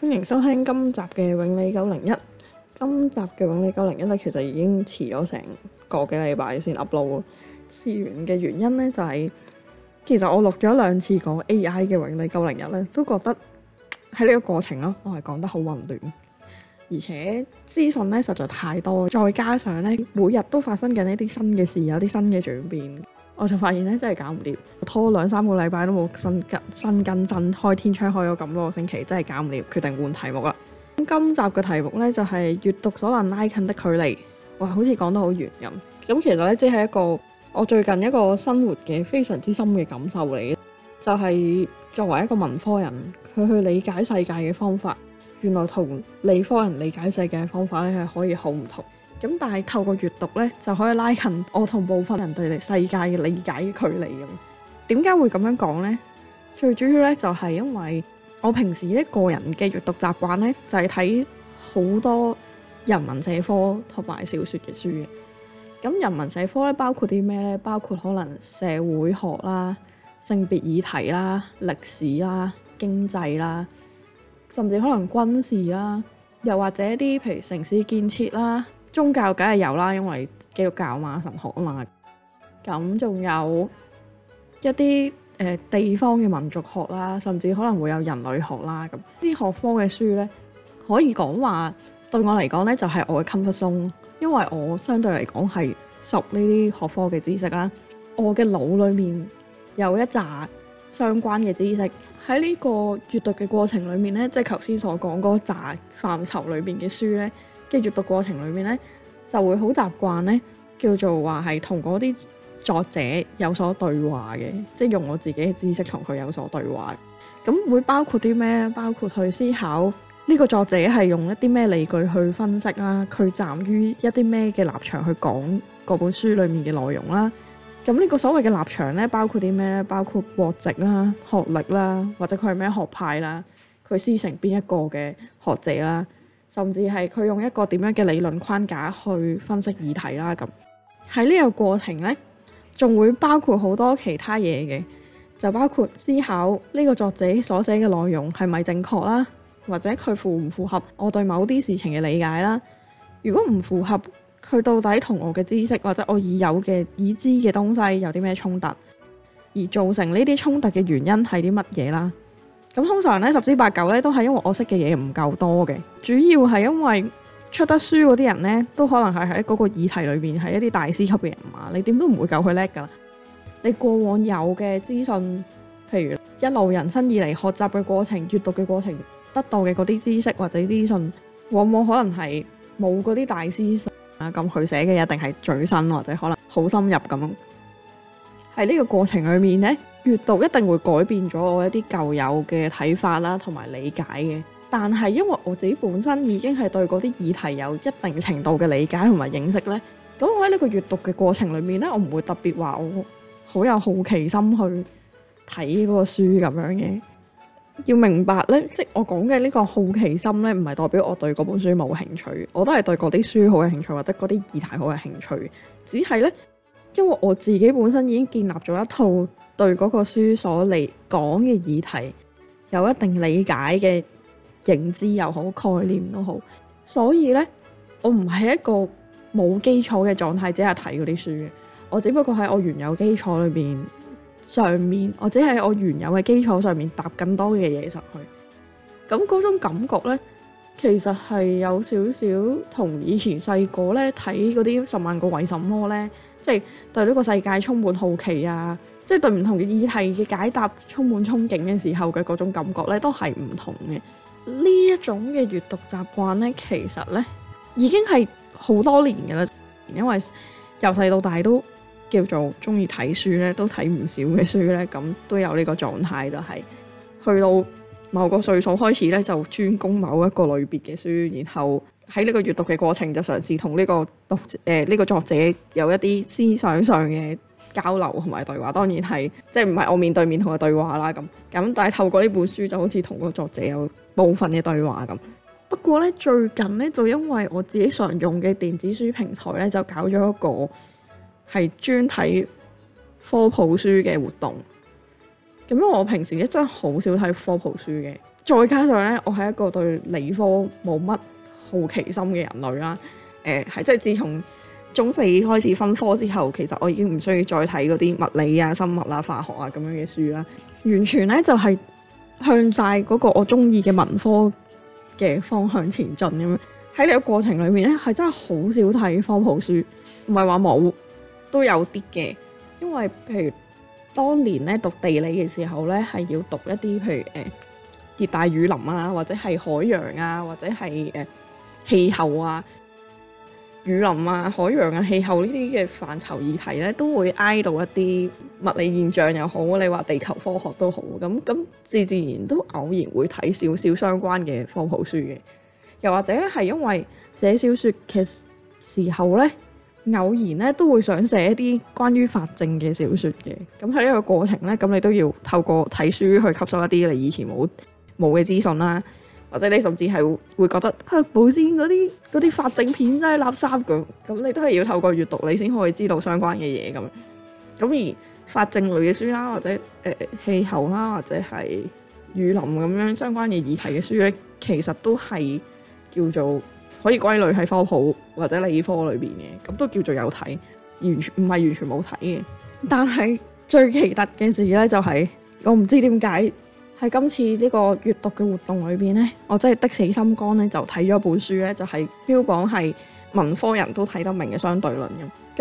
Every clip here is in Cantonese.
歡迎收聽今集嘅《永利九零一》。今集嘅《永利九零一》咧，其實已經遲咗成個幾禮拜先 upload。事源嘅原因咧，就係、是、其實我錄咗兩次講 AI 嘅《永利九零一》咧，都覺得喺呢個過程咯，我係講得好混亂，而且資訊咧實在太多，再加上咧每日都發生緊一啲新嘅事，有啲新嘅轉變。我就發現咧，真係搞唔掂，拖兩三個禮拜都冇新，新更新，更新開天窗開咗咁多個星期，真係搞唔掂，決定換題目啦。咁今集嘅題目咧就係、是、閱讀所能拉近的距離，哇，好似講得好遠咁。咁其實咧，即係一個我最近一個生活嘅非常之深嘅感受嚟嘅，就係、是、作為一個文科人，佢去理解世界嘅方法，原來同理科人理解世界嘅方法咧係可以好唔同。咁但係透過閱讀咧，就可以拉近我同部分人對世界嘅理解嘅距離咁。點解會咁樣講呢？最主要咧就係、是、因為我平時一個人嘅閱讀習慣咧，就係睇好多人文社科同埋小説嘅書嘅。咁人文社科咧包括啲咩咧？包括可能社會學啦、性別議題啦、歷史啦、經濟啦，甚至可能軍事啦，又或者啲譬如城市建設啦。宗教梗係有啦，因為基督教嘛，神學啊嘛。咁仲有一啲誒、呃、地方嘅民族學啦，甚至可能會有人類學啦咁。啲學科嘅書咧，可以講話對我嚟講咧就係、是、我嘅 comfort zone 因為我相對嚟講係熟呢啲學科嘅知識啦。我嘅腦裡面有一紮相關嘅知識，喺呢個閲讀嘅過程裡面咧，即係頭先所講嗰紮範疇裏邊嘅書咧。嘅閱讀過程裏面咧，就會好習慣咧，叫做話係同嗰啲作者有所對話嘅，即係用我自己嘅知識同佢有所對話。咁會包括啲咩？包括去思考呢個作者係用一啲咩理據去分析啦，佢站於一啲咩嘅立場去講嗰本書裏面嘅內容啦。咁呢個所謂嘅立場咧，包括啲咩咧？包括國籍啦、學歷啦，或者佢係咩學派啦，佢師承邊一個嘅學者啦。甚至係佢用一個點樣嘅理論框架去分析議題啦，咁，喺呢個過程呢，仲會包括好多其他嘢嘅，就包括思考呢個作者所寫嘅內容係咪正確啦，或者佢符唔符合我對某啲事情嘅理解啦？如果唔符合，佢到底同我嘅知識或者我已有嘅已知嘅東西有啲咩衝突，而造成呢啲衝突嘅原因係啲乜嘢啦？咁通常咧，十之八九咧都係因為我識嘅嘢唔夠多嘅，主要係因為出得書嗰啲人咧都可能係喺嗰個議題裏邊係一啲大師級嘅人嘛，你點都唔會夠佢叻噶啦。你過往有嘅資訊，譬如一路人生以嚟學習嘅過程、閱讀嘅過程得到嘅嗰啲知識或者資訊，往往可能係冇嗰啲大師啊，咁佢寫嘅嘢，定係最新或者可能好深入咁。喺呢個過程裏面咧，閱讀一定會改變咗我一啲舊有嘅睇法啦，同埋理解嘅。但係因為我自己本身已經係對嗰啲議題有一定程度嘅理解同埋認識咧，咁我喺呢個閱讀嘅過程裏面咧，我唔會特別話我好有好奇心去睇嗰個書咁樣嘅。要明白咧，即係我講嘅呢個好奇心咧，唔係代表我對嗰本書冇興趣，我都係對嗰啲書好有興趣，或者嗰啲議題好有興趣。只係咧，因為我自己本身已經建立咗一套。對嗰個書所嚟講嘅議題有一定理解嘅認知又好概念都好，所以呢，我唔係一個冇基礎嘅狀態，即係睇嗰啲書嘅。我只不過喺我原有基礎裏面上面，我只係喺我原有嘅基礎上面搭更多嘅嘢上去。咁嗰種感覺呢，其實係有少少同以前細個呢睇嗰啲《十萬個為什麼》呢，即係對呢個世界充滿好奇啊！即係對唔同嘅議題嘅解答充滿憧憬嘅時候嘅嗰種感覺咧，都係唔同嘅。呢一種嘅閱讀習慣咧，其實咧已經係好多年㗎啦。因為由細到大都叫做中意睇書咧，都睇唔少嘅書咧，咁都有呢個狀態就係、是、去到某個歲數開始咧，就專攻某一個類別嘅書，然後喺呢個閱讀嘅過程就嘗試同呢個讀誒呢、呃呢個作者有一啲思想上嘅。交流同埋對話，當然係即係唔係我面對面同佢對話啦咁。咁但係透過呢本書就好似同個作者有部分嘅對話咁。不過呢，最近呢，就因為我自己常用嘅電子書平台呢，就搞咗一個係專睇科普書嘅活動。咁因為我平時真係好少睇科普書嘅，再加上呢，我係一個對理科冇乜好奇心嘅人類啦。誒、呃、係即係自從。中四開始分科之後，其實我已經唔需要再睇嗰啲物理啊、生物啊、化學啊咁樣嘅書啦。完全咧就係向晒嗰個我鍾意嘅文科嘅方向前進咁樣。喺呢個過程裏面咧，係真係好少睇科普書，唔係話冇，都有啲嘅。因為譬如當年咧讀地理嘅時候咧，係要讀一啲譬如誒、呃、熱帶雨林啊，或者係海洋啊，或者係誒、呃、氣候啊。雨林啊、海洋啊、氣候呢啲嘅範疇議題咧，都會挨到一啲物理現象又好，你話地球科學都好，咁咁自自然都偶然會睇少少相關嘅科普書嘅。又或者咧係因為寫小説嘅時候咧偶然咧都會想寫一啲關於法證嘅小説嘅，咁喺呢個過程咧，咁你都要透過睇書去吸收一啲你以前冇冇嘅資訊啦。或者你甚至係會覺得嚇、啊，保鮮嗰啲啲法證片真係垃圾㗎，咁你都係要透過閱讀你先可以知道相關嘅嘢咁。咁而法證類嘅書啦，或者誒氣、呃、候啦，或者係雨林咁樣相關嘅議題嘅書咧，其實都係叫做可以歸類喺科普或者理科裏邊嘅，咁都叫做有睇，完全唔係完全冇睇嘅。 但係最奇特嘅事咧、就係，就係我唔知點解。喺今次呢個閱讀嘅活動裏邊呢，我真係得起心肝呢。就睇咗本書呢，就係標榜係文科人都睇得明嘅相對論咁。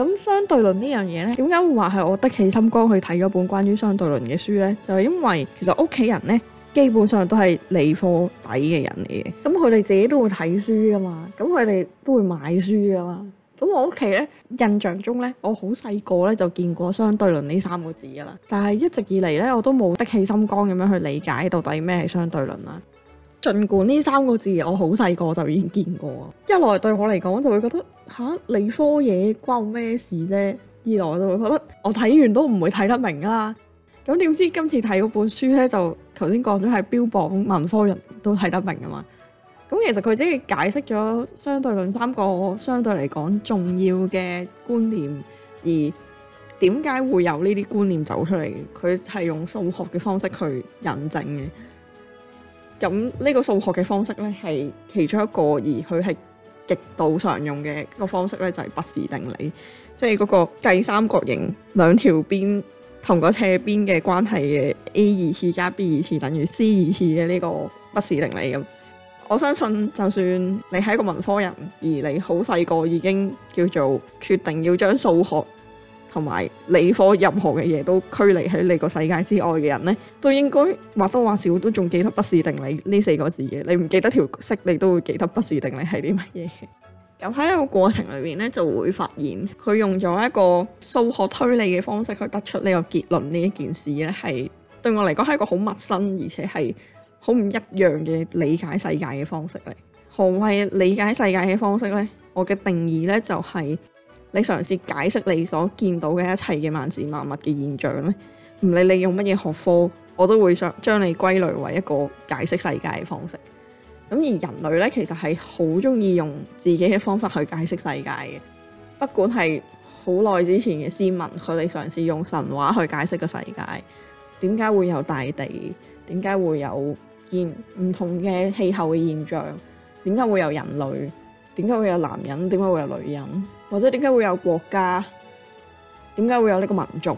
咁相對論呢樣嘢呢，點解會話係我得起心肝去睇嗰本關於相對論嘅書呢？就係因為其實屋企人呢，基本上都係理科底嘅人嚟嘅，咁佢哋自己都會睇書㗎嘛，咁佢哋都會買書㗎嘛。咁我屋企咧，印象中咧，我好細個咧就見過相對論呢三個字噶啦。但係一直以嚟咧，我都冇的起心肝咁樣去理解到底咩係相對論啦。儘管呢三個字我好細個就已經見過，一來對我嚟講就會覺得吓，理科嘢關我咩事啫；二來我就會覺得我睇完都唔會睇得明噶啦。咁點知今次睇嗰本書咧，就頭先講咗係標榜文科人都睇得明啊嘛。咁其實佢只係解釋咗相對論三個相對嚟講重要嘅觀念，而點解會有呢啲觀念走出嚟？佢係用數學嘅方式去引證嘅。咁呢個數學嘅方式咧，係其中一個而佢係極度常用嘅個方式咧，就係畢氏定理，即係嗰個計三角形兩條邊同個斜邊嘅關係嘅 a 二次加 b 二次等於 c 二次嘅呢個畢氏定理咁。我相信，就算你係一個文科人，而你好細個已經叫做決定要將數學同埋理科任何嘅嘢都驅離喺你個世界之外嘅人咧，都應該或多或少都仲記得畢氏定理呢四個字嘅。你唔記得條式，你都會記得畢氏定理係啲乜嘢。咁喺呢個過程裏邊咧，就會發現佢用咗一個數學推理嘅方式去得出呢個結論呢一件事咧，係對我嚟講，係一個好陌生而且係。好唔一樣嘅理解世界嘅方式嚟。何謂理解世界嘅方式呢？我嘅定義呢，就係你嘗試解釋你所見到嘅一切嘅萬事萬物嘅現象呢，唔理你用乜嘢學科，我都會想將你歸類為一個解釋世界嘅方式。咁而人類呢，其實係好中意用自己嘅方法去解釋世界嘅，不管係好耐之前嘅先民佢哋嘗試用神話去解釋個世界，點解會有大地？點解會有？現唔同嘅氣候嘅現象，點解會有人類？點解會有男人？點解會有女人？或者點解會有國家？點解會有呢個民族？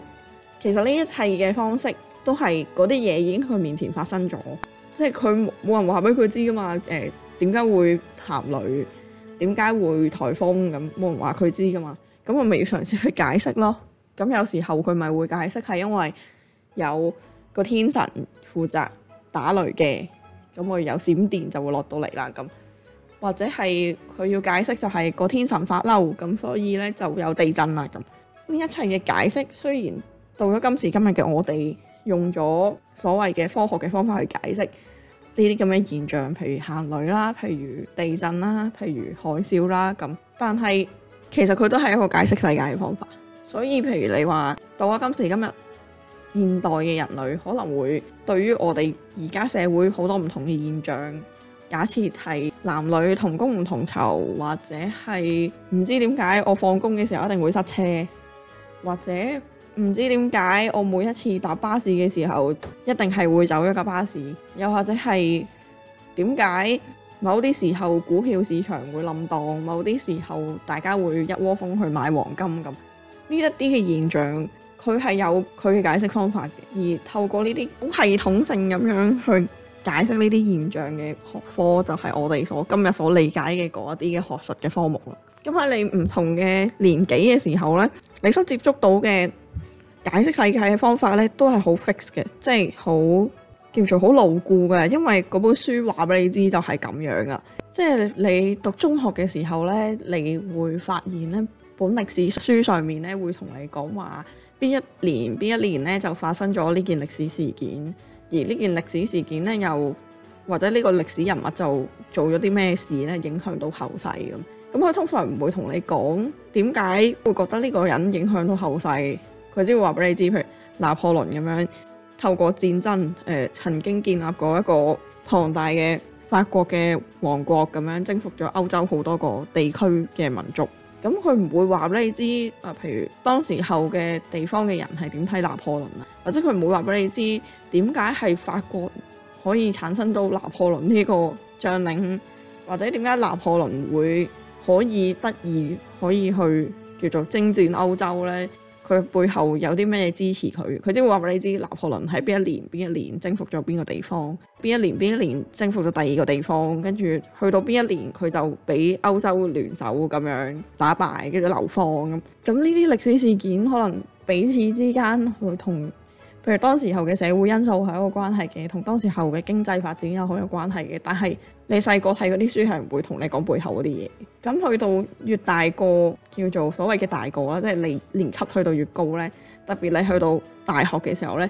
其實呢一切嘅方式都係嗰啲嘢已經喺佢面前發生咗，即係佢冇人話俾佢知噶嘛。誒、欸，點解會颱女？點解會台風颱風咁？冇人話佢知噶嘛。咁我咪要嘗試去解釋咯。咁有時候佢咪會解釋係因為有個天神負責。打雷嘅，咁會有閃電就會落到嚟啦咁，或者係佢要解釋就係個天神發嬲，咁所以呢就有地震啦咁。呢一切嘅解釋雖然到咗今時今日嘅我哋用咗所謂嘅科學嘅方法去解釋呢啲咁嘅現象，譬如行雷啦，譬如地震啦，譬如海嘯啦咁，但係其實佢都係一個解釋世界嘅方法。所以譬如你話到咗今時今日。現代嘅人類可能會對於我哋而家社會好多唔同嘅現象，假設係男女同工唔同酬，或者係唔知點解我放工嘅時候一定會塞車，或者唔知點解我每一次搭巴士嘅時候一定係會走一個巴士，又或者係點解某啲時候股票市場會冧檔，某啲時候大家會一窩蜂去買黃金咁，呢一啲嘅現象。佢係有佢嘅解釋方法嘅，而透過呢啲好系統性咁樣去解釋呢啲現象嘅學科，就係我哋所今日所理解嘅嗰啲嘅學術嘅科目啦。咁喺你唔同嘅年紀嘅時候咧，你所接觸到嘅解釋世界嘅方法咧，都係好 fix 嘅，即係好叫做好牢固嘅，因為嗰本書話俾你知就係咁樣噶。即係你讀中學嘅時候咧，你會發現咧本歷史書上面咧會同你講話。邊一年？邊一年咧就發生咗呢件歷史事件，而呢件歷史事件咧又或者呢個歷史人物就做咗啲咩事咧，影響到後世咁。咁佢通常唔會同你講點解會覺得呢個人影響到後世，佢只會話俾你知，譬如拿破崙咁樣，透過戰爭誒、呃、曾經建立過一個龐大嘅法國嘅王國咁樣，征服咗歐洲好多個地區嘅民族。咁佢唔會話俾你知啊，譬如當時候嘅地方嘅人係點睇拿破崙啊，或者佢唔會話俾你知點解係法國可以產生到拿破崙呢個將領，或者點解拿破崙會可以得意可以去叫做征戰歐洲咧？佢背後有啲咩支持佢？佢只會話俾你知拿破崙喺邊一年邊一年征服咗邊個地方，邊一年邊一年征服咗第二個地方，跟住去到邊一年佢就俾歐洲聯手咁樣打敗，跟住流放咁。咁呢啲歷史事件可能彼此之間會同。譬如當時候嘅社會因素係一個關係嘅，同當時候嘅經濟發展又好有關係嘅。但係你細個睇嗰啲書，係唔會同你講背後嗰啲嘢。咁去到越大個，叫做所謂嘅大個啦，即係你年級去到越高呢，特別你去到大學嘅時候呢，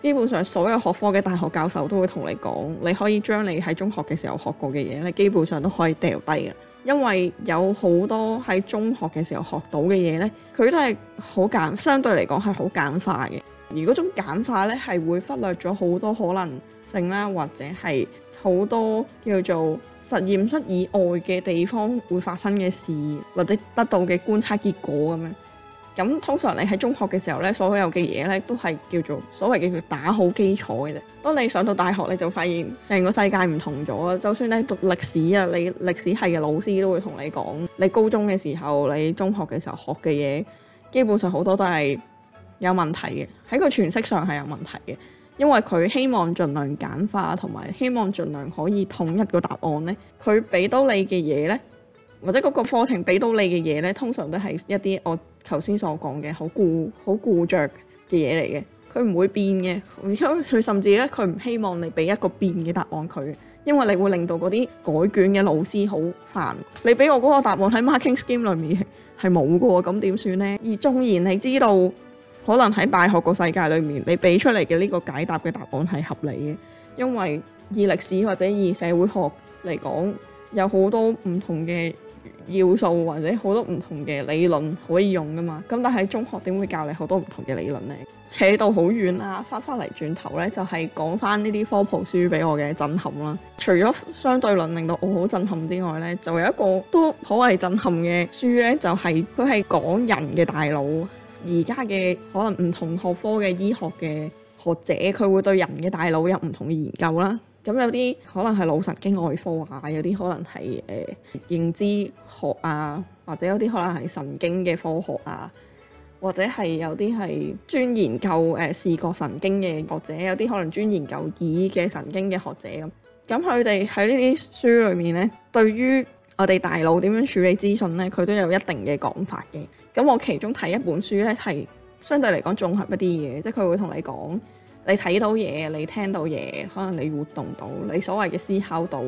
基本上所有學科嘅大學教授都會同你講，你可以將你喺中學嘅時候學過嘅嘢呢，基本上都可以掉低。因為有好多喺中學嘅時候學到嘅嘢呢，佢都係好簡，相對嚟講係好簡化嘅。而嗰種簡化咧，係會忽略咗好多可能性啦，或者係好多叫做實驗室以外嘅地方會發生嘅事，或者得到嘅觀察結果咁樣。咁通常你喺中學嘅時候咧，所有嘅嘢咧都係叫做所謂嘅叫打好基礎嘅啫。當你上到大學，你就發現成個世界唔同咗啊！就算你讀歷史啊，你歷史系嘅老師都會同你講，你高中嘅時候、你中學嘅時候學嘅嘢，基本上好多都係，有問題嘅，喺個詮釋上係有問題嘅，因為佢希望儘量簡化，同埋希望儘量可以統一一個答案呢，佢俾到你嘅嘢呢，或者嗰個課程俾到你嘅嘢呢，通常都係一啲我頭先所講嘅好固好固着嘅嘢嚟嘅。佢唔會變嘅，而且佢甚至呢，佢唔希望你俾一個變嘅答案佢，因為你會令到嗰啲改卷嘅老師好煩。你俾我嗰個答案喺 marking scheme 裏面係冇嘅喎，咁點算呢？而縱然你知道。可能喺大學個世界裏面，你俾出嚟嘅呢個解答嘅答案係合理嘅，因為以歷史或者以社會學嚟講，有好多唔同嘅要素或者好多唔同嘅理論可以用噶嘛。咁但係中學點會教你好多唔同嘅理論咧？扯到好遠啊，翻翻嚟轉頭呢，就係講翻呢啲科普書俾我嘅震撼啦。除咗相對論令到我好震撼之外呢，就有一個都可謂震撼嘅書，呢就係佢係講人嘅大腦。而家嘅可能唔同學科嘅醫學嘅學者，佢會對人嘅大腦有唔同嘅研究啦。咁有啲可能係腦神經外科啊，有啲可能係誒、呃、認知學啊，或者有啲可能係神經嘅科學啊，或者係有啲係專研究誒、呃、視覺神經嘅學者，有啲可能專研究耳嘅神經嘅學者咁。咁佢哋喺呢啲書裏面咧，對於我哋大腦點樣處理資訊呢？佢都有一定嘅講法嘅。咁我其中睇一本書呢，係相對嚟講綜合一啲嘢，即係佢會同你講，你睇到嘢，你聽到嘢，可能你活動到，你所謂嘅思考到，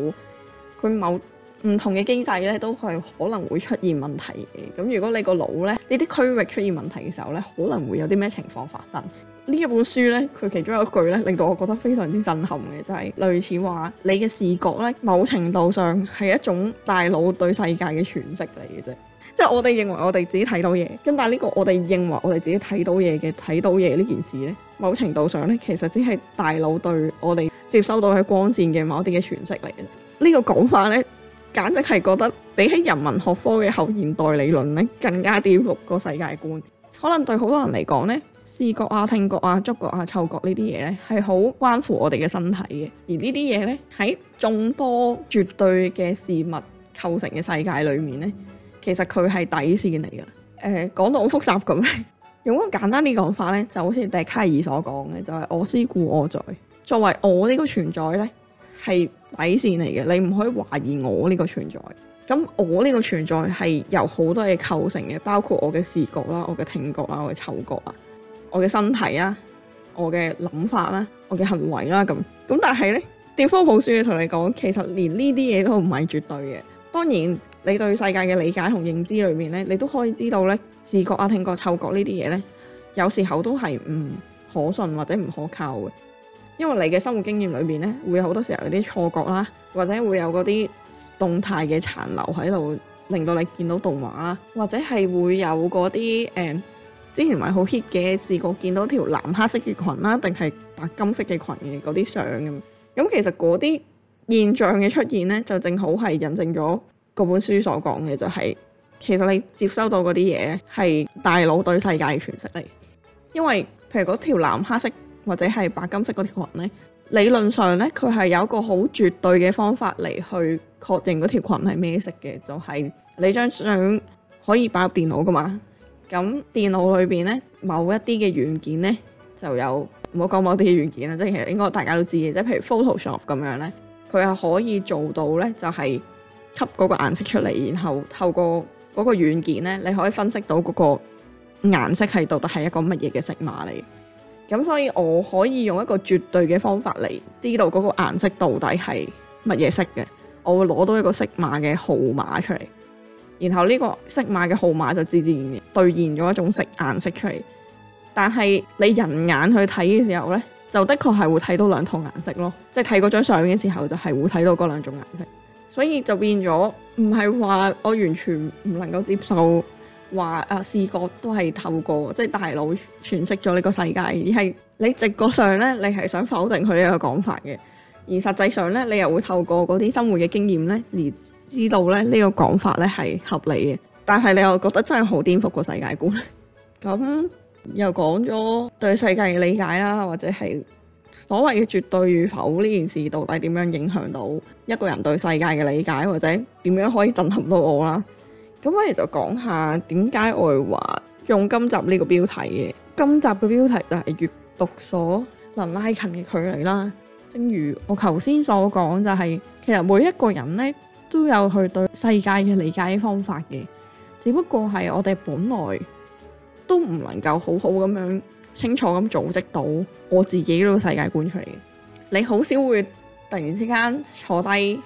佢某唔同嘅機制呢，都係可能會出現問題嘅。咁如果你個腦呢，呢啲區域出現問題嘅時候呢，可能會有啲咩情況發生？呢一本書呢，佢其中有一句呢，令到我覺得非常之震撼嘅，就係類似話：你嘅視覺呢，某程度上係一種大腦對世界嘅詮釋嚟嘅啫。即係我哋認為我哋自己睇到嘢，咁但係呢個我哋認為我哋自己睇到嘢嘅睇到嘢呢件事呢，某程度上呢，其實只係大腦對我哋接收到嘅光線嘅某啲嘅詮釋嚟嘅。呢個講法呢，簡直係覺得比起人文學科嘅後現代理論呢，更加顛覆個世界觀。可能對好多人嚟講呢。視覺啊、聽覺啊、觸覺啊、嗅覺呢啲嘢咧，係好關乎我哋嘅身體嘅。而呢啲嘢咧，喺眾多絕對嘅事物構成嘅世界裡面咧，其實佢係底線嚟嘅。誒、呃，講到好複雜咁咧，用一個簡單啲講法咧，就好似笛卡爾所講嘅，就係、是、我思故我在。作為我呢個存在咧，係底線嚟嘅，你唔可以懷疑我呢個存在。咁我呢個存在係由好多嘢構成嘅，包括我嘅視覺啦、我嘅聽覺啦、我嘅嗅覺啊。我嘅身體啦，我嘅諗法啦，我嘅行為啦咁。咁但係呢，啲科普書嘅同你講，其實連呢啲嘢都唔係絕對嘅。當然，你對世界嘅理解同認知裏面呢，你都可以知道呢，視覺啊、聽覺、嗅覺呢啲嘢呢，有時候都係唔可信或者唔可靠嘅，因為你嘅生活經驗裏面呢，會有好多時候有啲錯覺啦，或者會有嗰啲動態嘅殘留喺度，令到你見到動畫啦，或者係會有嗰啲誒。嗯。之前咪好 hit 嘅，試過見到條藍黑色嘅裙啦，定係白金色嘅裙嘅嗰啲相咁。咁其實嗰啲現象嘅出現咧，就正好係印證咗嗰本書所講嘅，就係其實你接收到嗰啲嘢係大腦對世界嘅詮釋嚟。因為譬如嗰條藍黑色或者係白金色嗰條裙咧，理論上咧，佢係有一個好絕對嘅方法嚟去確認嗰條裙係咩色嘅，就係你張相可以擺入電腦噶嘛。咁電腦裏邊咧，某一啲嘅軟件咧，就有唔好講某啲軟件啦，即係其實應該大家都知嘅，即係譬如 Photoshop 咁樣咧，佢係可以做到咧，就係吸嗰個顏色出嚟，然後透過嗰個軟件咧，你可以分析到嗰個顏色係到底係一個乜嘢嘅色碼嚟。咁所以我可以用一個絕對嘅方法嚟知道嗰個顏色到底係乜嘢色嘅，我會攞到一個色碼嘅號碼出嚟。然後呢個色碼嘅號碼就自自然然兌現咗一種色顏色出嚟，但係你人眼去睇嘅時候呢，就的確係會睇到兩套顏色咯，即係睇嗰張相嘅時候就係會睇到嗰兩種顏色，所以就變咗唔係話我完全唔能夠接受話啊視覺都係透過即係大腦詮釋咗呢個世界，而係你直覺上呢，你係想否定佢呢個講法嘅，而實際上呢，你又會透過嗰啲生活嘅經驗呢而。知道咧呢個講法咧係合理嘅，但係你又覺得真係好顛覆個世界觀。咁 又講咗對世界嘅理解啦，或者係所謂嘅絕對與否呢件事，到底點樣影響到一個人對世界嘅理解，或者點樣可以震撼到我啦？咁我哋就講下點解我話用今集呢個標題嘅。今集嘅標題就係《閱讀所能拉近嘅距離》啦。正如我頭先所講，就係，就係其實每一個人咧。都有去對世界嘅理解方法嘅，只不過係我哋本來都唔能夠好好咁樣清楚咁組織到我自己嗰個世界觀出嚟。你好少會突然之間坐低，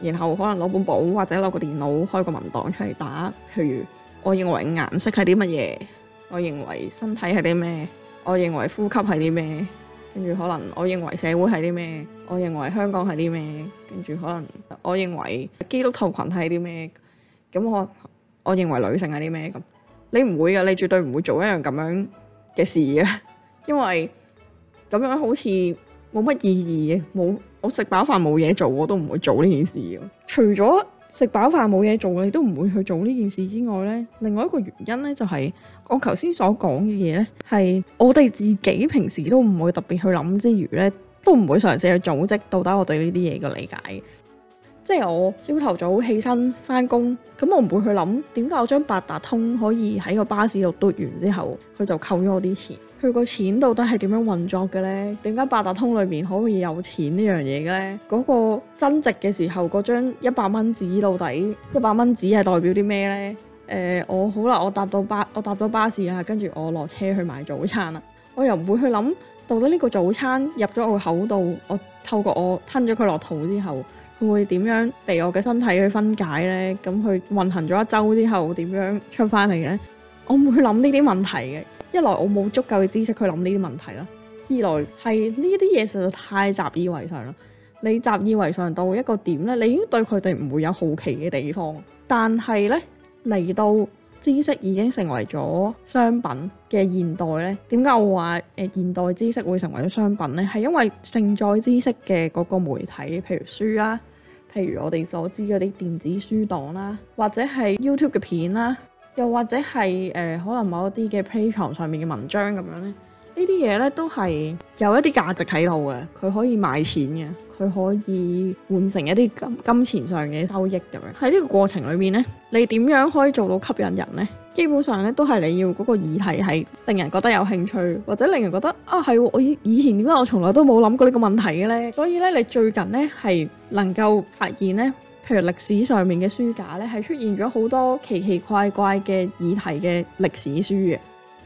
然後可能攞本簿或者攞個電腦開個文檔出嚟打。譬如，我認為顏色係啲乜嘢？我認為身體係啲咩？我認為呼吸係啲咩？跟住可能，我認為社會係啲咩？我認為香港係啲咩？跟住可能，我認為基督徒群體係啲咩？咁我我認為女性係啲咩咁？你唔會㗎，你絕對唔會做一樣咁樣嘅事呀，因為咁樣好似冇乜意義呀，冇，我食飽飯冇嘢做，我都唔會做呢件事嘅。除咗食飽飯冇嘢做，你都唔會去做呢件事之外呢，另外一個原因呢、就是，就係我頭先所講嘅嘢呢，係我哋自己平時都唔會特別去諗之餘呢，都唔會嘗試去組織，到底我對呢啲嘢嘅理解。即係我朝頭早起身翻工，咁我唔會去諗點解我張八達通可以喺個巴士度嘟完之後，佢就扣咗我啲錢。佢個錢到底係點樣運作嘅咧？點解八達通裏面可以有錢呢樣嘢嘅咧？嗰個增值嘅時候，嗰張一百蚊紙到底一百蚊紙係代表啲咩咧？誒、呃，我好啦，我搭到巴我搭到巴士啦，跟住我落車去買早餐啦。我又唔會去諗到底呢個早餐入咗我口度，我透過我吞咗佢落肚之後，會點樣被我嘅身體去分解呢？咁去運行咗一周之後點樣出翻嚟呢？我唔會諗呢啲問題嘅。一來我冇足夠嘅知識去諗呢啲問題啦。二來係呢啲嘢實在太習以為常啦。你習以為常到一個點呢？你已經對佢哋唔會有好奇嘅地方。但係呢，嚟到知識已經成為咗商品嘅現代呢，點解我話誒現代知識會成為咗商品呢？係因為盛載知識嘅嗰個媒體，譬如書啦。譬如我哋所知嗰啲電子書檔啦，或者係 YouTube 嘅片啦，又或者係誒、呃、可能某一啲嘅 Patreon 上面嘅文章咁樣咧。呢啲嘢呢都係有一啲價值喺度嘅，佢可以賣錢嘅，佢可以換成一啲金金錢上嘅收益咁樣。喺呢個過程裏面呢，你點樣可以做到吸引人呢？基本上呢都係你要嗰個議題係令人覺得有興趣，或者令人覺得啊，係我以前點解我從來都冇諗過呢個問題嘅呢。所以呢，你最近呢，係能夠發現呢，譬如歷史上面嘅書架呢，係出現咗好多奇奇怪怪嘅議題嘅歷史書嘅。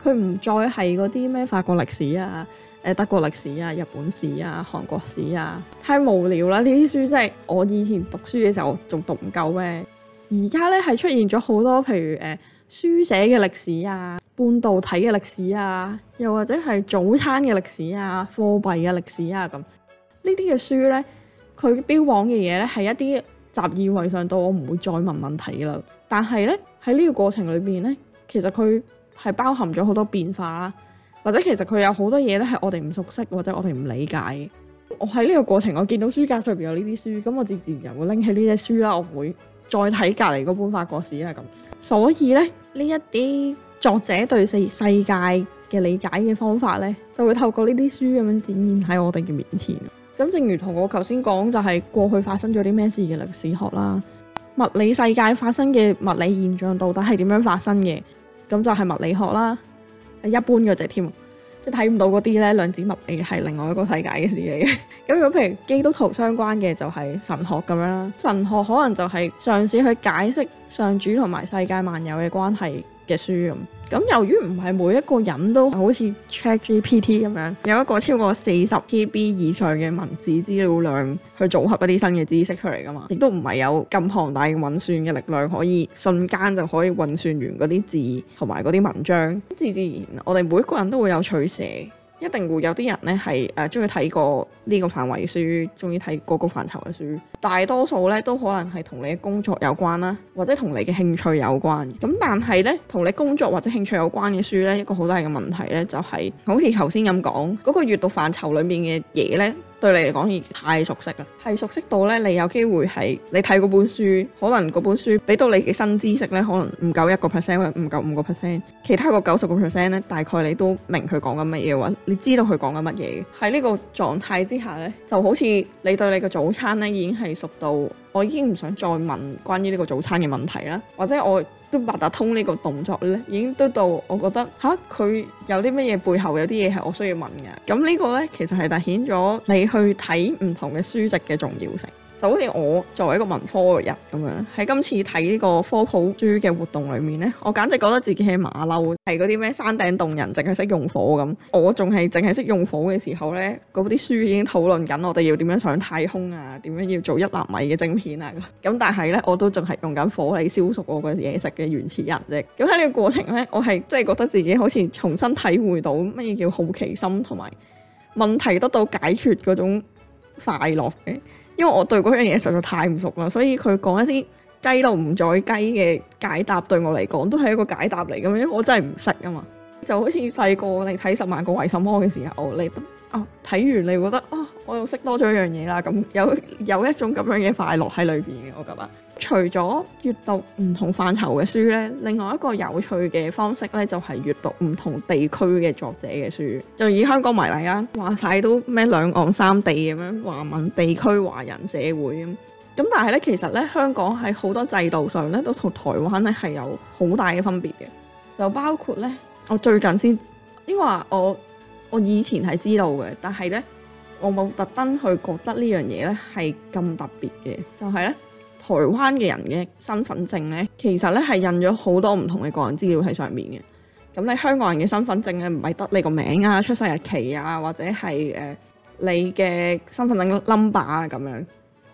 佢唔再係嗰啲咩法國歷史啊、誒德國歷史啊、日本史啊、韓國史啊，太無聊啦！呢啲書真係我以前讀書嘅時候仲讀唔夠咩？而家咧係出現咗好多譬如誒、呃、書寫嘅歷史啊、半導體嘅歷史啊，又或者係早餐嘅歷史啊、貨幣嘅歷史啊咁。呢啲嘅書咧，佢標榜嘅嘢咧係一啲習以為上到我唔會再問問題啦。但係咧喺呢個過程裏邊咧，其實佢係包含咗好多變化，或者其實佢有好多嘢咧，係我哋唔熟悉或者我哋唔理解。我喺呢個過程，我見到書架上邊有呢啲書，咁我自然就會拎起呢隻書啦。我會再睇隔離嗰本法國史啦咁。所以咧，呢一啲作者對世世界嘅理解嘅方法咧，就會透過呢啲書咁樣展現喺我哋嘅面前。咁正如同我頭先講，就係過去發生咗啲咩事嘅歷史學啦，物理世界發生嘅物理現象到底係點樣發生嘅？咁就係物理學啦，一般嗰隻添，即係睇唔到嗰啲咧。量子物理係另外一個世界嘅事嚟嘅。咁 如果譬如基督徒相關嘅就係神學咁樣啦，神學可能就係嘗試去解釋上主同埋世界萬有嘅關係。嘅書咁，咁由於唔係每一個人都好似 ChatGPT 咁樣，有一個超過四十 TB 以上嘅文字資料量去組合一啲新嘅知識出嚟㗎嘛，亦都唔係有咁龐大嘅運算嘅力量可以瞬間就可以運算完嗰啲字同埋嗰啲文章，自自然，我哋每一個人都會有取捨。一定會有啲人咧係誒中意睇過呢個範圍嘅書，中意睇嗰個範疇嘅書。大多數咧都可能係同你嘅工作有關啦，或者同你嘅興趣有關。咁但係咧，同你工作或者興趣有關嘅書咧，一個好大嘅問題咧、就係，就係好似頭先咁講，嗰、嗰個閱讀範疇裡面嘅嘢咧。對你嚟講已經太熟悉啦，係熟悉到咧，你有機會係你睇嗰本書，可能嗰本書俾到你嘅新知識咧，可能唔夠一個 percent，或者唔夠五個 percent，其他個九十個 percent 咧，大概你都明佢講緊乜嘢或者你知道佢講緊乜嘢。喺呢、嗯、個狀態之下呢，就好似你對你嘅早餐呢已經係熟到，我已經唔想再問關於呢個早餐嘅問題啦，或者我。八達通呢個動作咧，已經都到我覺得嚇，佢、啊、有啲乜嘢背後有啲嘢係我需要問嘅。咁、這、呢個咧，其實係凸顯咗你去睇唔同嘅書籍嘅重要性。就好似我作為一個文科嘅人咁樣，喺今次睇呢個科普書嘅活動裡面呢，我簡直覺得自己係馬騮，係嗰啲咩山頂洞人淨係識用火咁。我仲係淨係識用火嘅時候呢，嗰啲書已經討論緊我哋要點樣上太空啊，點樣要做一納米嘅晶片啊。咁但係呢，我都仲係用緊火嚟燒熟我嘅嘢食嘅原始人啫。咁喺呢個過程呢，我係真係覺得自己好似重新體會到咩叫好奇心同埋問題得到解決嗰種快樂嘅。因為我對嗰樣嘢實在太唔熟啦，所以佢講一啲雞都唔在雞嘅解答對我嚟講都係一個解答嚟咁樣，因為我真係唔識㗎嘛。就好似細個你睇十萬個為什麼嘅時候，哦、你啊、睇、哦、完你會覺得啊、哦，我又識多咗一樣嘢啦，咁有有一種咁樣嘅快樂喺裏邊嘅我覺得。除咗閱讀唔同範疇嘅書咧，另外一個有趣嘅方式咧就係閱讀唔同地區嘅作者嘅書。就以香港為例啊，話晒都咩兩岸三地咁樣華文地區華人社會咁。咁但係咧，其實咧香港喺好多制度上咧都同台灣係有好大嘅分別嘅。就包括咧，我最近先，應該話我我以前係知道嘅，但係咧我冇特登去覺得呢樣嘢咧係咁特別嘅，就係咧。台灣嘅人嘅身份證咧，其實咧係印咗好多唔同嘅個人資料喺上面嘅。咁你香港人嘅身份證咧，唔係得你個名啊、出世日期啊，或者係誒你嘅身份證 number 啊咁樣。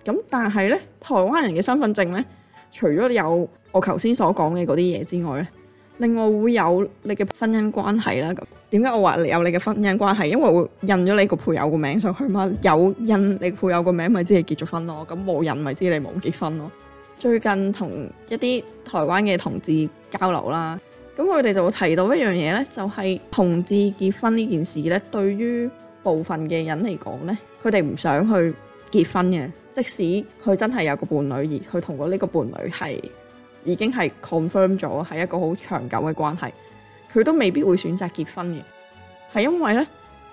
咁但係咧，台灣人嘅身份證咧，除咗有我頭先所講嘅嗰啲嘢之外咧。另外會有你嘅婚姻關係啦。點解我話你有你嘅婚姻關係？因為會印咗你個配偶個名上去嘛。有印你配偶個名，咪知你結咗婚咯。咁冇印，咪知你冇結婚咯。最近同一啲台灣嘅同志交流啦，咁佢哋就會提到一樣嘢咧，就係同志結婚呢件事咧，對於部分嘅人嚟講咧，佢哋唔想去結婚嘅，即使佢真係有個伴侶而佢同嗰呢個伴侶係已經係 confirm 咗係一個好長久嘅關係，佢都未必會選擇結婚嘅，係因為咧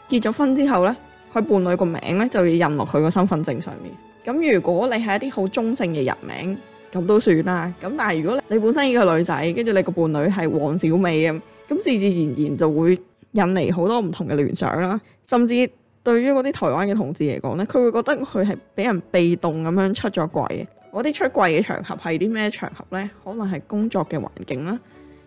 結咗婚之後咧，佢伴侶個名咧就要印落佢個身份證上面。咁如果你係一啲好中性嘅人名，咁都算啦。咁但係如果你本身係個女仔，跟住你個伴侶係黃小美咁，咁自自然然就會引嚟好多唔同嘅聯想啦。甚至對於嗰啲台灣嘅同志嚟講咧，佢會覺得佢係俾人被動咁樣出咗軌。嗰啲出櫃嘅場合係啲咩場合呢？可能係工作嘅環境啦，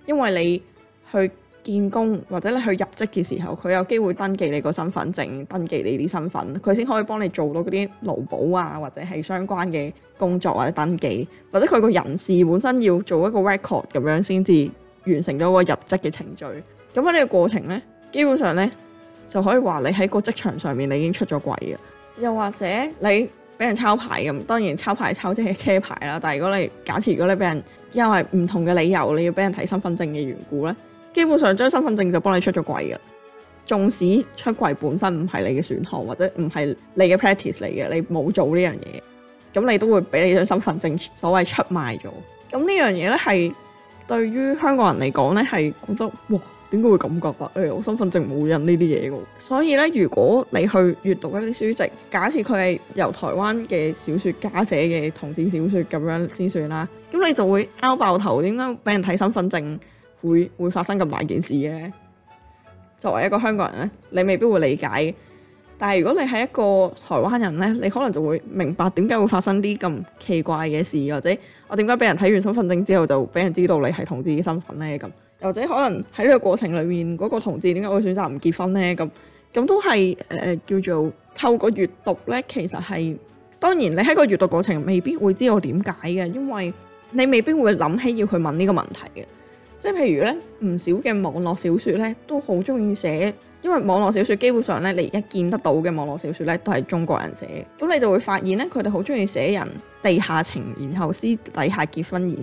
因為你去見工或者你去入職嘅時候，佢有機會登記你個身份證，登記你啲身份，佢先可以幫你做到嗰啲勞保啊，或者係相關嘅工作或者登記，或者佢個人事本身要做一個 record 咁樣先至完成咗個入職嘅程序。咁喺呢個過程呢，基本上呢，就可以話你喺個職場上面你已經出咗櫃喇。又或者你。俾人抄牌咁，當然抄牌抄即係車牌啦。但係如果你假設如果你俾人因為唔同嘅理由你要俾人睇身份證嘅緣故咧，基本上張身份證就幫你出咗櫃啦。縱使出櫃本身唔係你嘅選項或者唔係你嘅 practice 嚟嘅，你冇做呢樣嘢，咁你都會俾你張身份證所謂出賣咗。咁呢樣嘢咧，係對於香港人嚟講咧，係覺得哇～點解會咁覺得？誒、哎，我身份證冇印呢啲嘢嘅喎。所以咧，如果你去閱讀一啲書籍，假設佢係由台灣嘅小説家寫嘅同志小説咁樣先算啦。咁你就會拗爆頭，點解俾人睇身份證會會發生咁大件事嘅咧？作為一個香港人咧，你未必會理解。但係如果你係一個台灣人咧，你可能就會明白點解會發生啲咁奇怪嘅事，或者我點解俾人睇完身份證之後就俾人知道你係同志嘅身份咧咁。又或者可能喺呢個過程裏面，嗰、那個同志點解會選擇唔結婚呢？咁咁都係誒、呃、叫做透過閱讀咧，其實係當然你喺個閱讀過程未必會知道點解嘅，因為你未必會諗起要去問呢個問題嘅。即係譬如咧，唔少嘅網絡小說咧都好中意寫，因為網絡小說基本上咧，你而家見得到嘅網絡小說咧都係中國人寫，咁你就會發現咧，佢哋好中意寫人地下情，然後私底下結婚而。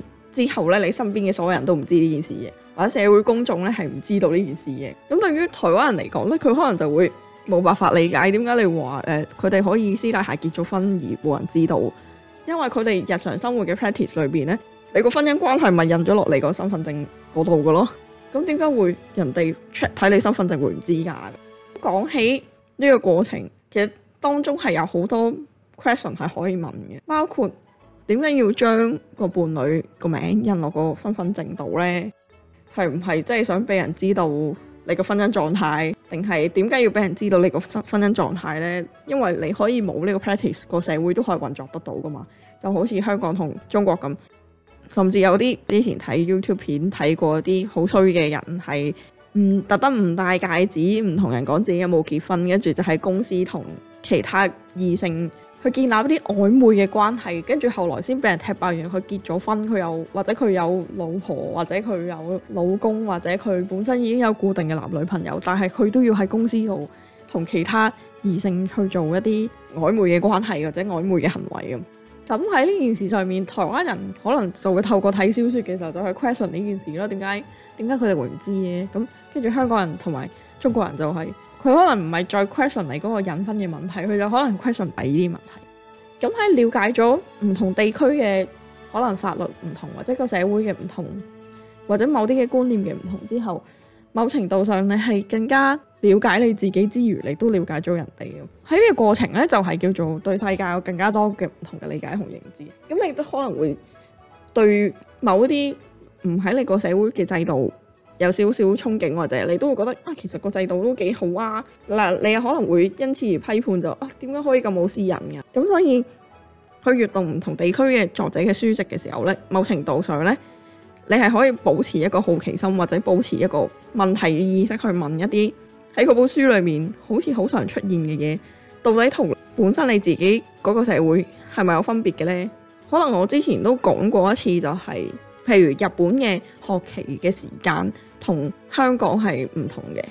之後咧，你身邊嘅所有人都唔知呢件事嘅，或者社會公眾咧係唔知道呢件事嘅。咁對於台灣人嚟講咧，佢可能就會冇辦法理解點解你話誒，佢哋可以私底下結咗婚而冇人知道，因為佢哋日常生活嘅 practice 裏邊咧，你個婚姻關係咪印咗落嚟個身份證嗰度嘅咯。咁點解會人哋 check 睇你身份證會唔知㗎？講起呢個過程，其實當中係有好多 question 係可以問嘅，包括。點解要將個伴侶個名印落個身份證度呢？係唔係真係想俾人知道你個婚姻狀態？定係點解要俾人知道你個婚姻狀態呢？因為你可以冇呢個 practice，個社會都可以運作得到噶嘛。就好似香港同中國咁，甚至有啲之前睇 YouTube 片睇過啲好衰嘅人係，唔特登唔戴戒指，唔同人講自己有冇結婚，跟住就喺公司同其他異性。佢建立一啲曖昧嘅關係，跟住後來先俾人踢爆，原來佢結咗婚，佢有或者佢有老婆，或者佢有老公，或者佢本身已經有固定嘅男女朋友，但係佢都要喺公司度同其他異性去做一啲曖昧嘅關係或者曖昧嘅行為咁。咁喺呢件事上面，台灣人可能就會透過睇小説嘅時候就去 question 呢件事咯，點解點解佢哋會唔知嘅？咁跟住香港人同埋中國人就係、是。佢可能唔係再 question 你嗰個隱婚嘅問題，佢就可能 question 第二啲問題。咁喺了解咗唔同地區嘅可能法律唔同，或者個社會嘅唔同，或者某啲嘅觀念嘅唔同之後，某程度上你係更加了解你自己之餘，你都了解咗人哋。喺呢個過程咧，就係叫做對世界有更加多嘅唔同嘅理解同認知。咁你都可能會對某啲唔喺你個社會嘅制度，有少少憧憬或者你都會覺得啊，其實個制度都幾好啊。嗱，你又可能會因此而批判就啊，點解可以咁冇私隱嘅？咁所以去閲讀唔同地區嘅作者嘅書籍嘅時候咧，某程度上咧，你係可以保持一個好奇心或者保持一個問題嘅意識去問一啲喺嗰本書裡面好似好常出現嘅嘢，到底同本身你自己嗰個社會係咪有分別嘅咧？可能我之前都講過一次，就係，就係譬如日本嘅學期嘅時間。同香港係唔同嘅，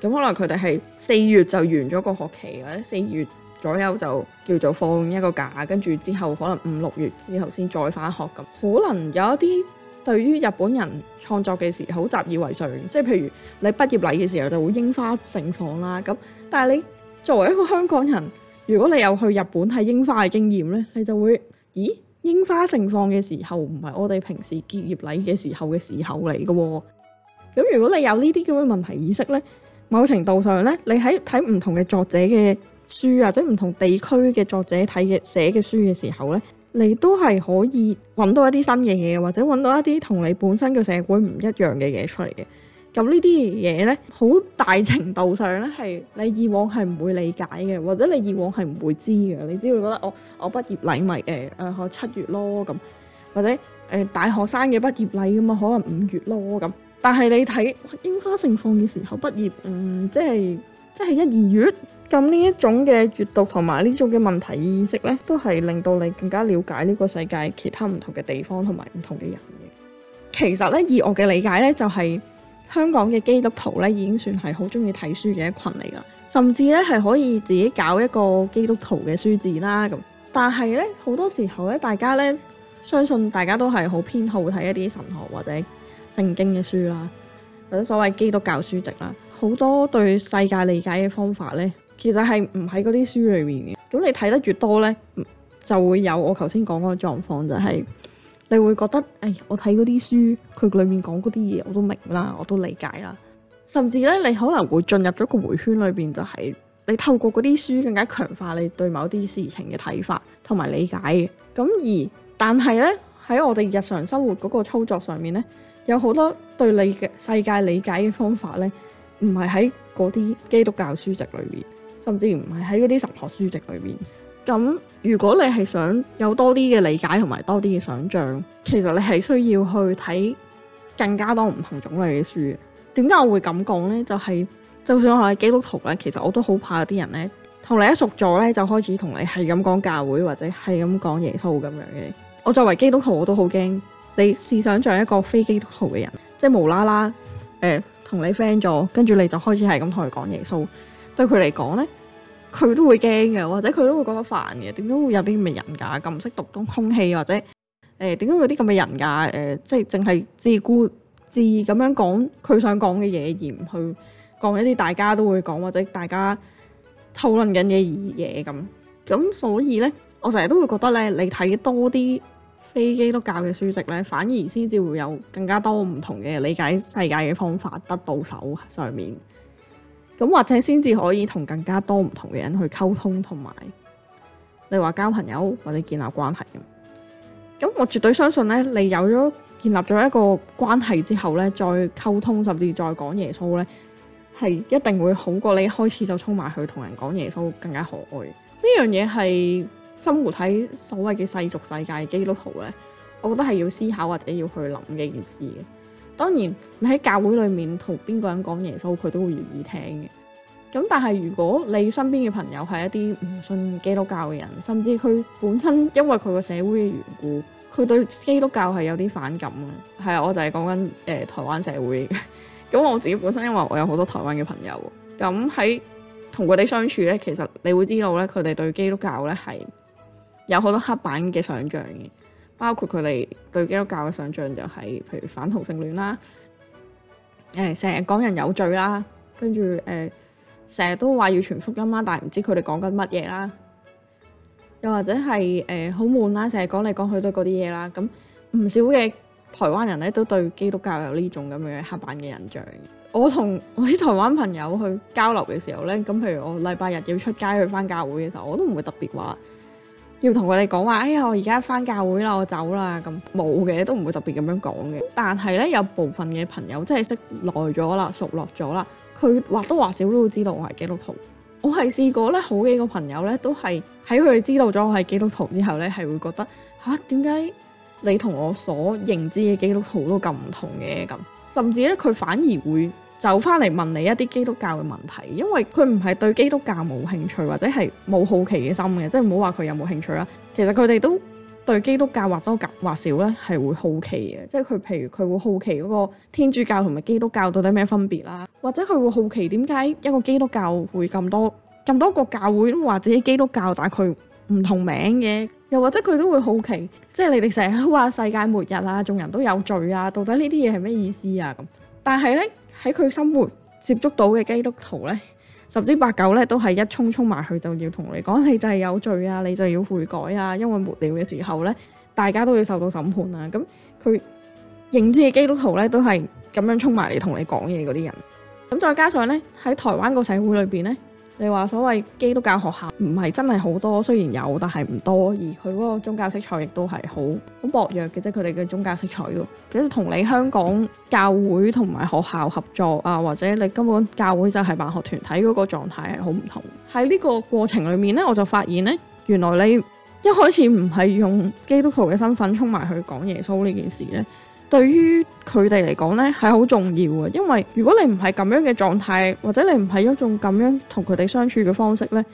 咁可能佢哋係四月就完咗個學期，或者四月左右就叫做放一個假，跟住之後可能五六月之後先再返學咁。可能有一啲對於日本人創作嘅時候，好習以為常，即係譬如你畢業禮嘅時候就會櫻花盛放啦咁。但係你作為一個香港人，如果你有去日本睇櫻花嘅經驗咧，你就會咦，櫻花盛放嘅時候唔係我哋平時結業禮嘅時候嘅時候嚟㗎喎。咁如果你有呢啲咁嘅問題意識呢，某程度上呢，你喺睇唔同嘅作者嘅書或者唔同地區嘅作者睇嘅寫嘅書嘅時候呢，你都係可以揾到一啲新嘅嘢，或者揾到一啲同你本身嘅社會唔一樣嘅嘢出嚟嘅。咁呢啲嘢呢，好大程度上呢，係你以往係唔會理解嘅，或者你以往係唔會知嘅。你只會覺得哦，我畢業禮咪誒、誒、可能七月咯，咁，或者誒、呃、大學生嘅畢業禮咁啊，可能五月咯咁。但係你睇櫻花盛放嘅時候畢業，嗯，即係即係一二月。咁、嗯、呢一種嘅閲讀同埋呢種嘅問題意識咧，都係令到你更加了解呢個世界其他唔同嘅地方同埋唔同嘅人嘅。其實咧，以我嘅理解咧，就係、是、香港嘅基督徒咧已經算係好鍾意睇書嘅一群嚟㗎，甚至咧係可以自己搞一個基督徒嘅書展啦。咁，但係咧好多時候咧，大家咧相信大家都係好偏好睇一啲神學或者正經嘅書啦，或者所謂基督教書籍啦，好多對世界理解嘅方法咧，其實係唔喺嗰啲書裏面嘅。咁你睇得越多咧，就會有我頭先講嗰個狀況，就係你會覺得，哎，我睇嗰啲書，佢裏面講嗰啲嘢我都明啦，我都理解啦，甚至咧你可能會進入咗個回圈裏邊，就係你透過嗰啲書更加強化你對某啲事情嘅睇法同埋理解嘅。咁而但係咧，喺我哋日常生活嗰個操作上面咧。有好多對理嘅世界理解嘅方法咧，唔係喺嗰啲基督教書籍裏面，甚至唔係喺嗰啲神學書籍裏面。咁如果你係想有多啲嘅理解同埋多啲嘅想像，其實你係需要去睇更加多唔同種類嘅書。點解我會咁講呢？就係、係、就算我係基督徒咧，其實我都好怕有啲人咧，同你一熟咗咧，就開始同你係咁講教會或者係咁講耶穌咁樣嘅。我作為基督徒，我都好驚。你試想像一個非基督徒嘅人，即係無啦啦誒同你 friend 咗，跟住你，你就開始係咁同佢講耶穌。對佢嚟講咧，佢都會驚嘅，或者佢都會覺得煩嘅。點解會有啲咁嘅人㗎？咁唔識讀通空氣，或者誒點解會有啲咁嘅人㗎？誒、呃、即係淨係自顧自咁樣講佢想講嘅嘢，而唔去講一啲大家都會講或者大家討論緊嘅嘢咁。咁所以咧，我成日都會覺得咧，你睇多啲。非基督教嘅書籍咧，反而先至會有更加多唔同嘅理解世界嘅方法得到手上面，咁或者先至可以同更加多唔同嘅人去溝通同埋，你話交朋友或者建立關係。咁我絕對相信咧，你有咗建立咗一個關係之後咧，再溝通甚至再講耶穌咧，係一定會好過你一開始就衝埋去同人講耶穌更加可愛。呢樣嘢係。生活喺所謂嘅世俗世界，基督徒咧，我覺得係要思考或者要去諗嘅件事嘅。當然，你喺教會裡面同邊個人講耶穌，佢都會願意聽嘅。咁但係如果你身邊嘅朋友係一啲唔信基督教嘅人，甚至佢本身因為佢個社會嘅緣故，佢對基督教係有啲反感嘅。係啊，我就係講緊誒台灣社會嘅。咁 我自己本身因為我有好多台灣嘅朋友，咁喺同佢哋相處咧，其實你會知道咧，佢哋對基督教咧係～有好多黑板嘅想像嘅，包括佢哋對基督教嘅想像就係，譬如反同性戀啦，誒成日講人有罪啦，跟住誒成日都話要傳福音啦，但係唔知佢哋講緊乜嘢啦，又或者係誒好悶啦，成日講嚟講去都嗰啲嘢啦。咁唔少嘅台灣人咧都對基督教有呢種咁樣嘅黑板嘅印象。我同我啲台灣朋友去交流嘅時候咧，咁譬如我禮拜日要出街去返教會嘅時候，我都唔會特別話。要同佢哋講話，哎呀，我而家翻教會啦，我走啦咁冇嘅，都唔會特別咁樣講嘅。但係咧，有部分嘅朋友真係識耐咗啦、熟落咗啦，佢或多或少都會知道我係基督徒。我係試過咧，好幾個朋友咧都係喺佢哋知道咗我係基督徒之後咧，係會覺得吓，點解你同我所認知嘅基督徒都咁唔同嘅？咁，甚至咧佢反而會。走翻嚟問你一啲基督教嘅問題，因為佢唔係對基督教冇興趣或者係冇好奇嘅心嘅，即係唔好話佢有冇興趣啦。其實佢哋都對基督教或多或少咧係會好奇嘅，即係佢譬如佢會好奇嗰個天主教同埋基督教到底咩分別啦，或者佢會好奇點解一個基督教會咁多咁多個教會都話自己基督教，大概唔同名嘅，又或者佢都會好奇，即係你哋成日都話世界末日啊，眾人都有罪啊，到底呢啲嘢係咩意思啊咁？但係咧，喺佢生活接觸到嘅基督徒咧，十之八九咧都係一衝衝埋去就要同你講，你就係有罪啊，你就要悔改啊，因為末了嘅時候咧，大家都要受到審判啊。咁佢認知嘅基督徒咧，都係咁樣衝埋嚟同你講嘢嗰啲人。咁再加上咧，喺台灣個社會裏邊咧。你話所謂基督教學校唔係真係好多，雖然有，但係唔多。而佢嗰個宗教色彩亦都係好好薄弱嘅，即係佢哋嘅宗教色彩其實，同你香港教會同埋學校合作啊，或者你根本教會就係辦學團體嗰個狀態係好唔同。喺呢個過程裡面咧，我就發現咧，原來你一開始唔係用基督徒嘅身份衝埋去講耶穌呢件事咧。對於佢哋嚟講咧係好重要嘅，因為如果你唔係咁樣嘅狀態，或者你唔係一種咁樣同佢哋相處嘅方式咧，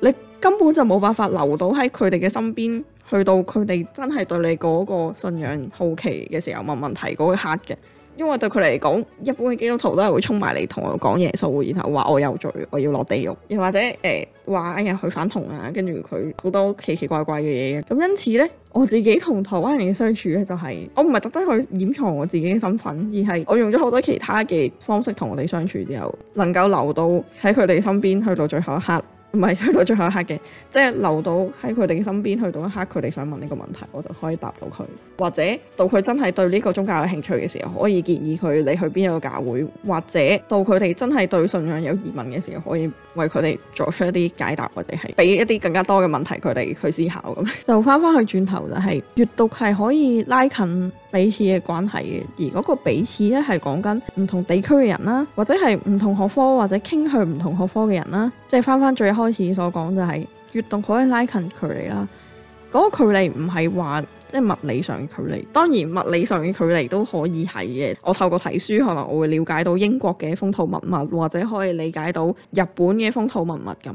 你根本就冇辦法留到喺佢哋嘅身邊，去到佢哋真係對你嗰個信仰好奇嘅時候問問題嗰一刻嘅。因為對佢嚟講，一般嘅基督徒都係會衝埋嚟同我講耶穌，然後話我有罪，我要落地獄，又或者誒話誒佢反同啊，跟住佢好多奇奇怪怪嘅嘢嘅。咁因此咧，我自己同台灣人嘅相處咧，就是，就係我唔係特登去掩藏我自己嘅身份，而係我用咗好多其他嘅方式同我哋相處之後，能夠留到喺佢哋身邊，去到最後一刻。唔係去到最後一刻嘅，即係留到喺佢哋身邊去到一刻，佢哋想問呢個問題，我就可以答到佢。或者到佢真係對呢個宗教有興趣嘅時候，可以建議佢你去邊一個教會。或者到佢哋真係對信仰有疑問嘅時候，可以為佢哋作出一啲解答，或者係俾一啲更加多嘅問題佢哋去思考。咁就翻翻去轉頭就係，閱讀係可以拉近彼此嘅關係嘅。而嗰個彼此呢，係講緊唔同地區嘅人啦，或者係唔同學科或者傾向唔同學科嘅人啦，即係翻翻最後，開始所講就係閲讀可以拉近距離啦。嗰個距離唔係話即係物理上嘅距離，當然物理上嘅距離都可以係嘅。我透過睇書，可能我會了解到英國嘅風土文物，或者可以理解到日本嘅風土文物咁。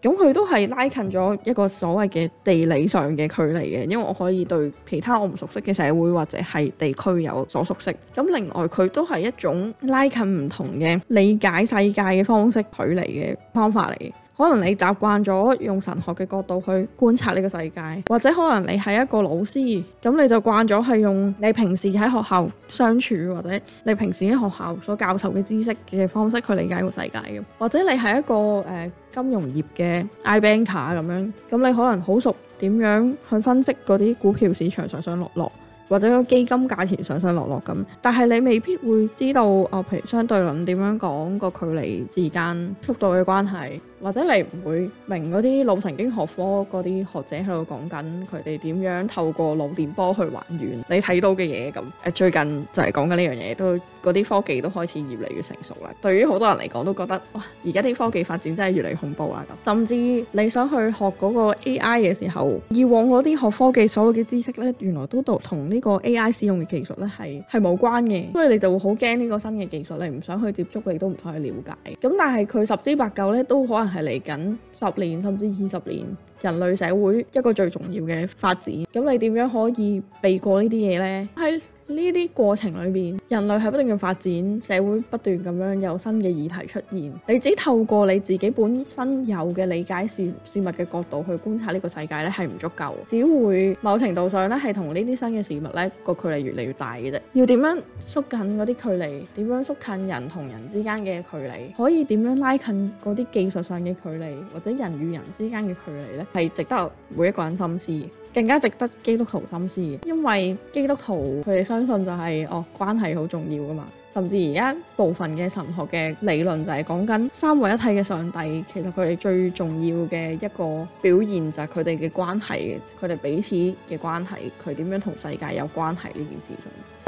咁佢都係拉近咗一個所謂嘅地理上嘅距離嘅，因為我可以對其他我唔熟悉嘅社會或者係地區有所熟悉。咁另外佢都係一種拉近唔同嘅理解世界嘅方式，距離嘅方法嚟。可能你習慣咗用神學嘅角度去觀察呢個世界，或者可能你係一個老師，咁你就慣咗係用你平時喺學校相處或者你平時喺學校所教授嘅知識嘅方式去理解這個世界嘅。或者你係一個、呃、金融業嘅 i-banker 咁樣，咁你可能好熟點樣去分析嗰啲股票市場上上落落，或者個基金價錢上上落落咁，但係你未必會知道哦、呃，譬如相對論點樣講個距離、時間、速度嘅關係。或者你唔會明嗰啲腦神經學科嗰啲學者喺度講緊佢哋點樣透過腦電波去還原你睇到嘅嘢，咁誒最近就係講緊呢樣嘢，都嗰啲科技都開始越嚟越成熟啦。對於好多人嚟講，都覺得哇，而家啲科技發展真係越嚟越恐怖啦咁。甚至你想去學嗰個 AI 嘅時候，以往嗰啲學科技所有嘅知識咧，原來都同呢個 AI 使用嘅技術咧係係冇關嘅，所以你就會好驚呢個新嘅技術，你唔想去接觸，你都唔想去了解。咁但係佢十之八九咧，都可能。係嚟緊十年甚至二十年人類社會一個最重要嘅發展，咁你點樣可以避過呢啲嘢咧？係。呢啲過程裏面，人類係不斷嘅發展，社會不斷咁樣有新嘅議題出現。你只透過你自己本身有嘅理解事事物嘅角度去觀察呢個世界咧，係唔足夠，只會某程度上咧係同呢啲新嘅事物咧個距離越嚟越大嘅啫。要點樣縮近嗰啲距離？點樣縮近人同人之間嘅距離？可以點樣拉近嗰啲技術上嘅距離，或者人與人之間嘅距離咧？係值得每一個人深思嘅。更加值得基督徒心思，因為基督徒佢哋相信就係、是、哦，關係好重要噶嘛，甚至而家部分嘅神學嘅理論就係講緊三位一體嘅上帝，其實佢哋最重要嘅一個表現就係佢哋嘅關係，佢哋彼此嘅關係，佢點樣同世界有關係呢件事。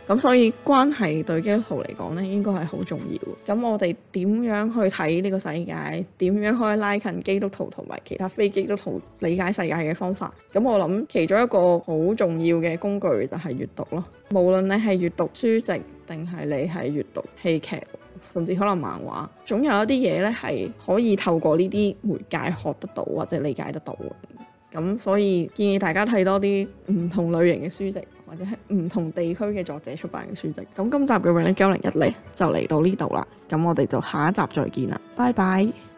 咁所以關係對基督徒嚟講咧，應該係好重要嘅。咁我哋點樣去睇呢個世界，點樣可以拉近基督徒同埋其他非基督徒理解世界嘅方法？咁我諗其中一個好重要嘅工具就係閱讀咯。無論你係閱讀書籍，定係你係閱讀戲劇，甚至可能漫畫，總有一啲嘢咧係可以透過呢啲媒介學得到或者理解得到。咁所以建議大家睇多啲唔同類型嘅書籍。或者係唔同地區嘅作者出版嘅書籍。咁今集嘅永利九零一咧就嚟到呢度啦。咁我哋就下一集再見啦。拜拜。